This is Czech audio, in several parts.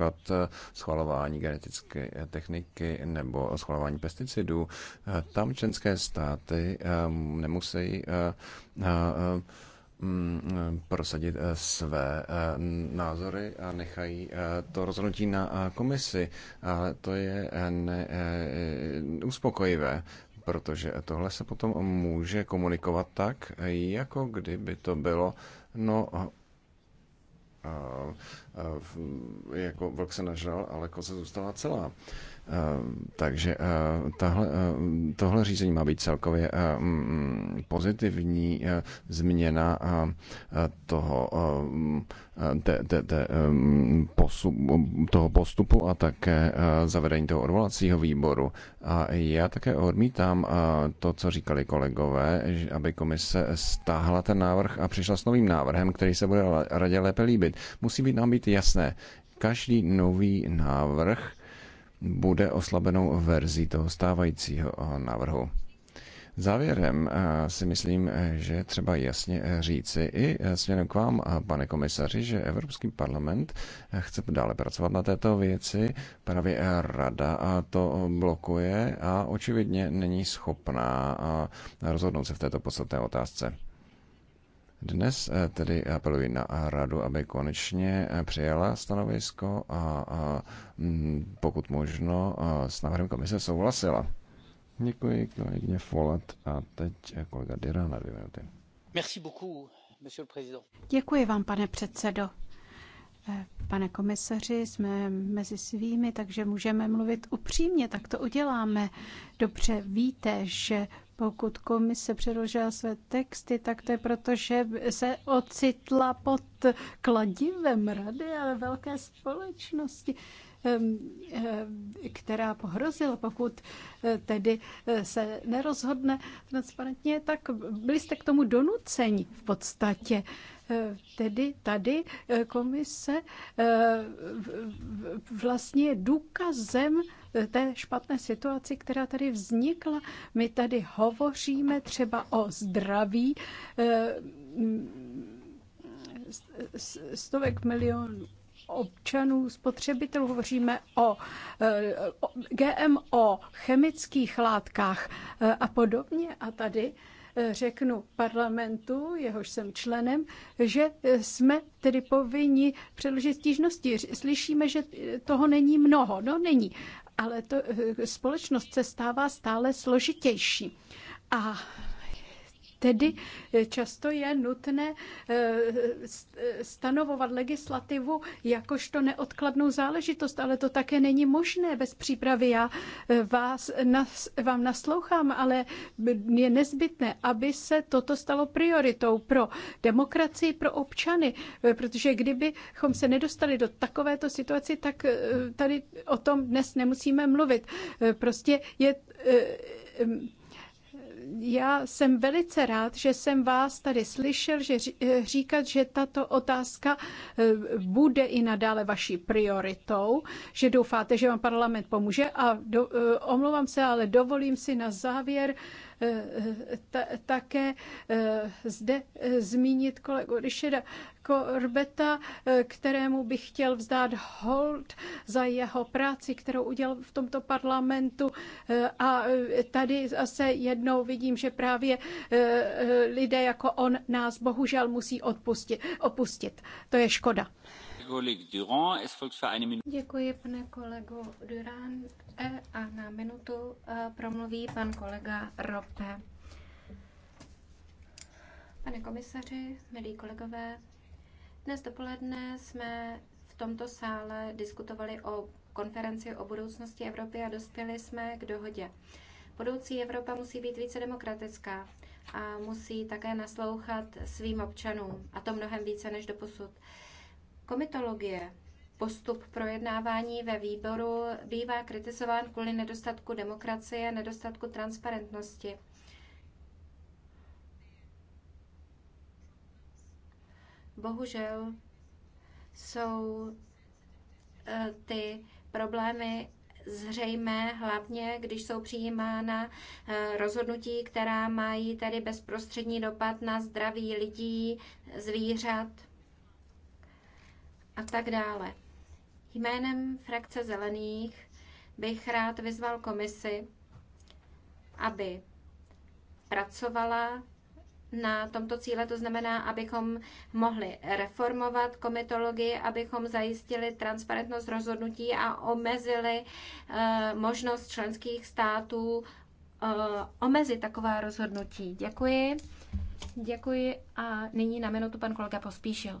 například eh, schvalování genetické eh, techniky nebo schvalování pesticidů, eh, tam členské státy nemusí mm, prosadit své názory a nechají to rozhodnutí na komisi. Ale to je uspokojivé, protože tohle se potom může komunikovat tak, jako kdyby to bylo, no jako vlk se nažral, ale koza zůstala celá. Takže tahle, tohle řízení má být celkově mm, pozitivní změna toho, te, te, te, toho postupu a také zavedení toho odvolacího výboru. A já také odmítám to, co říkali kolegové, aby komise stáhla ten návrh a přišla s novým návrhem, který se bude radě lépe líbit vysvětlit. Musí být nám být jasné, každý nový návrh bude oslabenou verzí toho stávajícího eh, návrhu. Závěrem eh, si myslím, že třeba jasně eh, říci i směrem k vám, pane komisaři, že Evropský parlament chce dále pracovat na této věci. Právě rada to blokuje a očividně není schopná rozhodnout se v této podstatné otázce. Dnes eh, tedy apeluji na radu, aby konečně eh, přijala stanovisko a, a mm, pokud možno eh, s návrhem komise souhlasila. Děkuji kolegyně Folat a teď kolega Dira na dvě minuty. Merci beaucoup, monsieur le président. Děkuji vám, pane předsedo. Pane komisaři, jsme mezi svými, takže můžeme mluvit upřímně, tak to uděláme. Dobře víte, že pokud komise předložila své texty, tak to je proto, že se ocitla pod kladivem rady a velké společnosti která pohrozila, pokud eh, tedy eh, se nerozhodne transparentně, tak byli jste k tomu donuceni v podstatě. Eh, tedy tady komise vlastně je důkazem té špatné situaci, která tady vznikla. My tady hovoříme třeba o zdraví stovek milionů občanů, spotřebitelů. Hovoříme o, eh, o GMO, chemických látkách eh, a podobně. A tady eh, řeknu parlamentu, jehož jsem členem, že jsme tedy povinni předložit stížnosti. Slyšíme, že toho není mnoho. No není, ale to, společnost se stává stále složitější. A Tedy eh, často je nutné eh, eh, stanovovat legislativu jakožto neodkladnou záležitost, ale to také není možné bez přípravy. Já vás, nas, vám naslouchám, ale je nezbytné, aby se toto stalo prioritou pro demokracii, pro občany, protože kdybychom se nedostali do takovéto situaci, tak tady o tom dnes nemusíme mluvit. Prostě je já jsem velice rád, že jsem vás tady slyšel, že eh, říkat, že tato otázka eh, bude i nadále vaší prioritou, že doufáte, že vám parlament pomůže a do, eh, omlouvám se, ale dovolím si na závěr uh, Eh, eh, také eh, zde zmínit kolegu Richarda Korbeta, kterému bych chtěl vzdát hold za jeho práci, kterou udělal v tomto parlamentu. A tady zase jednou vidím, že právě lidé jako on nás bohužel musí odpustit, opustit. To je škoda. Děkuji, pane kolego Durán. E, a na minutu e, promluví pan kolega Rope. Pane komisaři, milí kolegové, dnes dopoledne jsme v tomto sále diskutovali o konferenci o budoucnosti Evropy a dospěli jsme k dohodě. Budoucí Evropa musí být více demokratická a musí také naslouchat svým občanům, a to mnohem více než doposud. posud. Komitologie, postup projednávání ve výboru bývá kritizován kvůli nedostatku demokracie, nedostatku transparentnosti. Bohužel jsou e, ty problémy zřejmé, hlavně když jsou přijímána e, rozhodnutí, která mají tedy bezprostřední dopad na zdraví lidí, zvířat a tak dále. Jménem frakce zelených bych rád vyzval komisi, aby pracovala na tomto cíle, to znamená, abychom mohli reformovat komitologii, abychom zajistili transparentnost rozhodnutí a omezili eh, možnost členských států eh, omezit taková rozhodnutí. Děkuji. Děkuji a nyní na minutu pan kolega pospíšil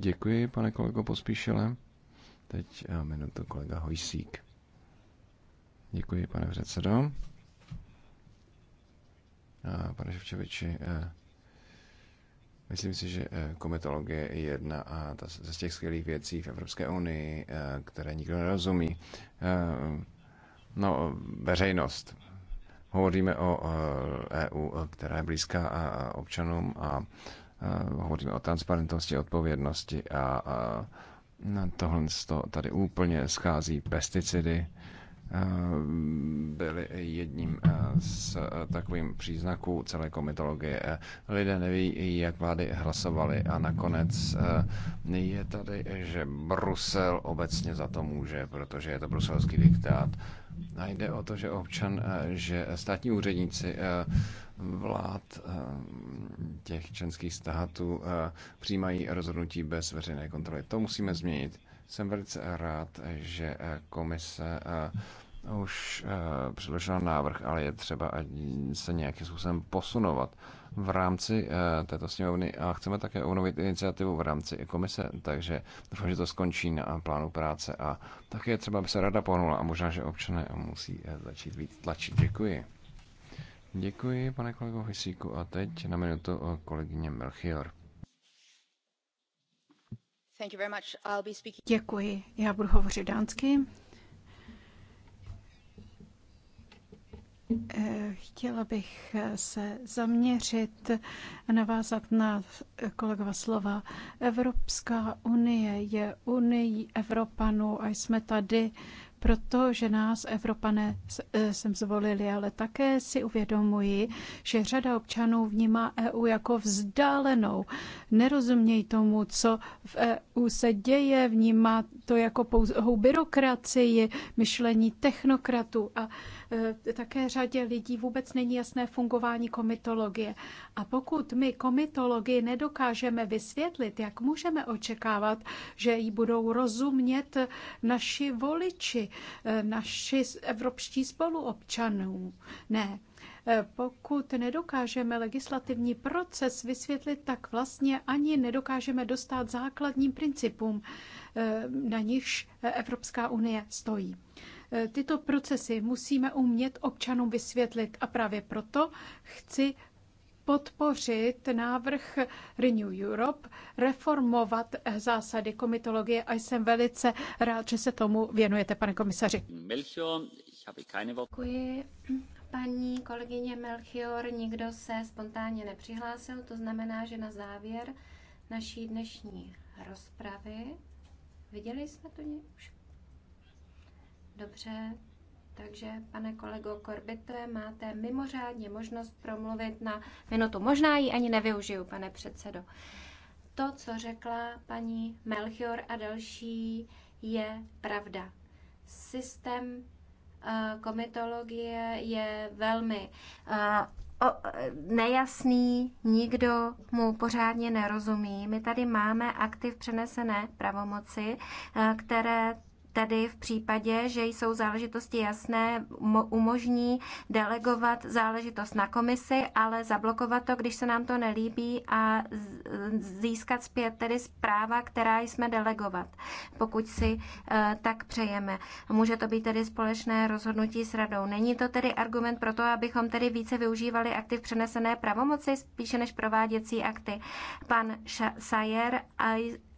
Děkuji, pane kolego Pospíšile. Teď minutu kolega Hojsík. Děkuji, pane předsedo. A pane Ševčeviči, eh, Myslím si, že eh, kometologie je jedna a ta ze těch skvělých věcí v Evropské unii, eh, které nikdo nerozumí. No, veřejnost. Hovoříme o EU, e která je blízká občanům a Eh, hovoříme o transparentnosti, odpovědnosti a, a tohle tady úplně schází pesticidy, byly jedním eh, z eh, takovým příznaků celé komitologie. Eh, lidé neví, jak vlády hlasovaly a nakonec je tady, že Brusel obecně za to může, protože je to bruselský diktát. A jde o to, že občan, že státní úředníci vlád těch členských států přijímají rozhodnutí bez veřejné kontroly. To musíme změnit. Jsem velice rád, že eh, komise eh, už eh, předložila návrh, ale je třeba se nějakým způsobem posunovat v rámci této sněmovny a chceme také obnovit iniciativu v rámci komise, takže doufám, že to skončí na plánu práce a také je třeba, aby se rada pohnula a možná, že občané musí začít víc tlačit. Děkuji. Děkuji, pane kolego Hysíku. A teď na minutu kolegyně Melchior. Děkuji. Já budu hovořit dánsky. Eh, chtěla bych eh, se zaměřit a eh, navázat na kolegova slova. Evropská unie je unii Evropanů a jsme tady protože nás Evropané e, sem zvolili, ale také si uvědomuji, že řada občanů vnímá EU jako vzdálenou. Nerozumějí tomu, co v EU se děje, vnímá to jako pouhou byrokracii, myšlení technokratů a e, také řadě lidí vůbec není jasné fungování komitologie. A pokud my komitologii nedokážeme vysvětlit, jak můžeme očekávat, že ji budou rozumět naši voliči, eh, naši evropští spoluobčanů? Ne, eh, pokud nedokážeme legislativní proces vysvětlit, tak vlastně ani nedokážeme dostat základním principům, eh, na nichž Evropská unie stojí. Tyto procesy musíme umět občanům vysvětlit a právě proto chci podpořit návrh Renew Europe, reformovat zásady komitologie a jsem velice rád, že se tomu věnujete, pane komisaři. Děkuji. Paní kolegyně Melchior, nikdo se spontánně nepřihlásil, to znamená, že na závěr naší dnešní rozpravy. Viděli jsme to už? Dobře, takže, pane kolego Korbite, máte mimořádně možnost promluvit na minutu. Možná ji ani nevyužiju, pane předsedo. To, co řekla paní Melchior a další, je pravda. Systém eh, komitologie je velmi eh, nejasný, nikdo mu pořádně nerozumí. My tady máme aktiv přenesené pravomoci, eh, které tedy v případě, že jsou záležitosti jasné, umožní delegovat záležitost na komisi, ale zablokovat to, když se nám to nelíbí a získat zpět tedy zpráva, která jsme delegovat, pokud si e, tak přejeme. Může to být tedy společné rozhodnutí s radou. Není to tedy argument pro to, abychom tedy více využívali aktiv přenesené pravomoci, spíše než prováděcí akty. Pan Sajer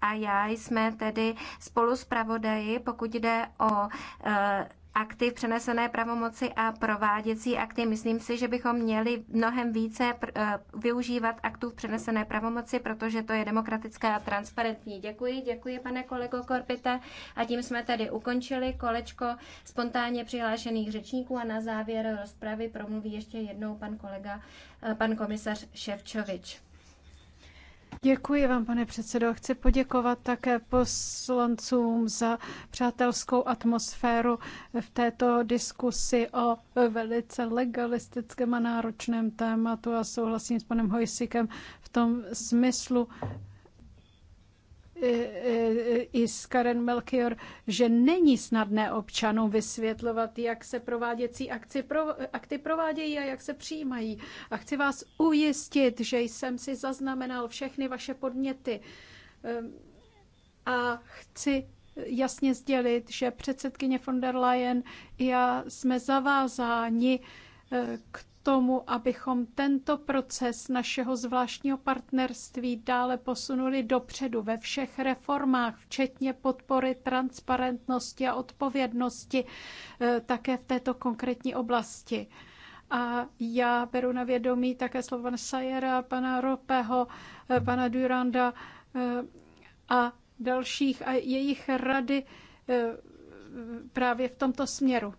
a já jsme tedy spolu s pravodaji, pokud jde o eh, akty v přenesené pravomoci a prováděcí akty. Myslím si, že bychom měli mnohem více eh, využívat aktů v přenesené pravomoci, protože to je demokratické a transparentní. Děkuji, děkuji pane kolego Korpite a tím jsme tedy ukončili kolečko spontánně přihlášených řečníků a na závěr rozpravy promluví ještě jednou pan kolega, eh, pan komisař Ševčovič. Děkuji vám, pane předsedo. Chci poděkovat také poslancům za přátelskou atmosféru v této diskusi o velice legalistickém a náročném tématu a souhlasím s panem Hojsikem v tom smyslu, E, e, i s Karen Melchior, že není snadné občanům vysvětlovat, jak se prováděcí akci pro, akty provádějí a jak se přijímají. A chci vás ujistit, že jsem si zaznamenal všechny vaše podněty. Ehm, a chci jasně sdělit, že předsedkyně von der Leyen i já jsme zavázáni e, k tomu, abychom tento proces našeho zvláštního partnerství dále posunuli dopředu ve všech reformách, včetně podpory transparentnosti a odpovědnosti eh, také v této konkrétní oblasti. A já beru na vědomí také slova Sayera, pana Ropeho, eh, pana Duranda eh, a dalších a jejich rady právě v tomto směru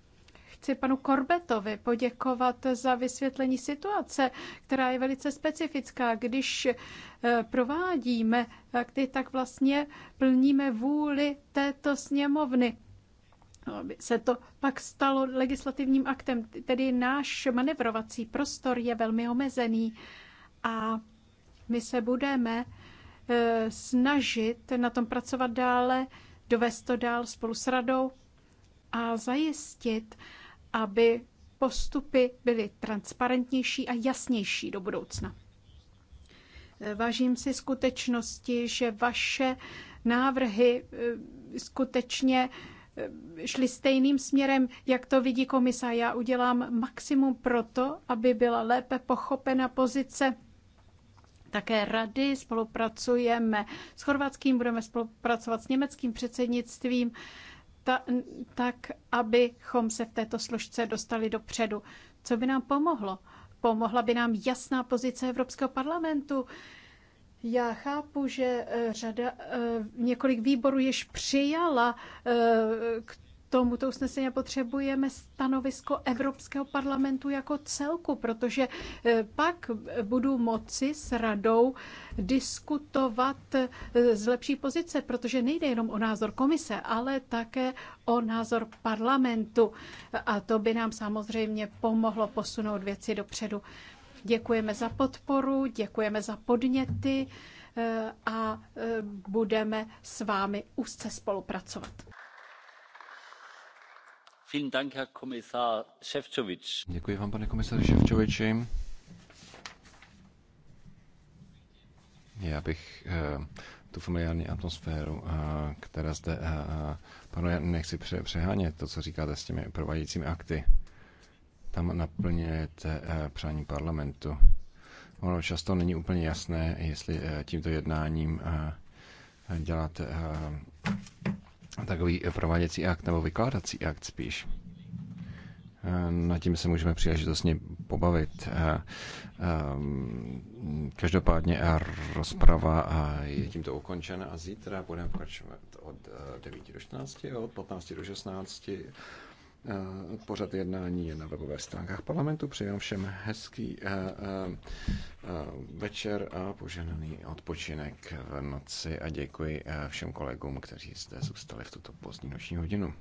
chci panu Korbetovi poděkovat za vysvětlení situace, která je velice specifická. Když eh, provádíme akty, tak vlastně plníme vůli této sněmovny no, aby se to pak stalo legislativním aktem. Tedy náš manevrovací prostor je velmi omezený a my se budeme eh, snažit na tom pracovat dále, dovést to dál spolu s radou a zajistit, aby postupy byly transparentnější a jasnější do budoucna. Vážím si skutečnosti, že vaše návrhy eh, skutečně eh, šly stejným směrem, jak to vidí komisa. Já udělám maximum pro to, aby byla lépe pochopena pozice také rady, spolupracujeme s chorvatským, budeme spolupracovat s německým předsednictvím ta, tak, abychom se v této složce dostali dopředu. Co by nám pomohlo? Pomohla by nám jasná pozice Evropského parlamentu. Já chápu, že eh, řada, eh, několik výborů již přijala eh, k tomuto usnesení potřebujeme stanovisko Evropského parlamentu jako celku, protože eh, pak budu moci s radou diskutovat eh, z lepší pozice, protože nejde jenom o názor komise, ale také o názor parlamentu. A to by nám samozřejmě pomohlo posunout věci dopředu. Děkujeme za podporu, děkujeme za podněty eh, a budeme s vámi úzce spolupracovat. Děkuji vám, pane komisaři šefčovičovi. Já bych eh, tu familiární atmosféru, eh, která zde eh, panuje, nechci přehánět to, co říkáte s těmi provádějícími akty. Tam naplňujete přání parlamentu. Ono často není úplně jasné, jestli tímto jednáním děláte takový prováděcí akt nebo vykládací akt spíš. Eh, Na tím se můžeme příležitostně pobavit. Eh, eh, každopádně rozprava je tímto ukončena a zítra budeme pokračovat od 9 do 14, od 15 do 16 Eh, pořad jednání je na webových stránkách parlamentu. Přeji všem hezký eh, eh, večer a poženaný odpočinek v noci a děkuji všem kolegům, kteří zde zůstali v tuto pozdní noční hodinu.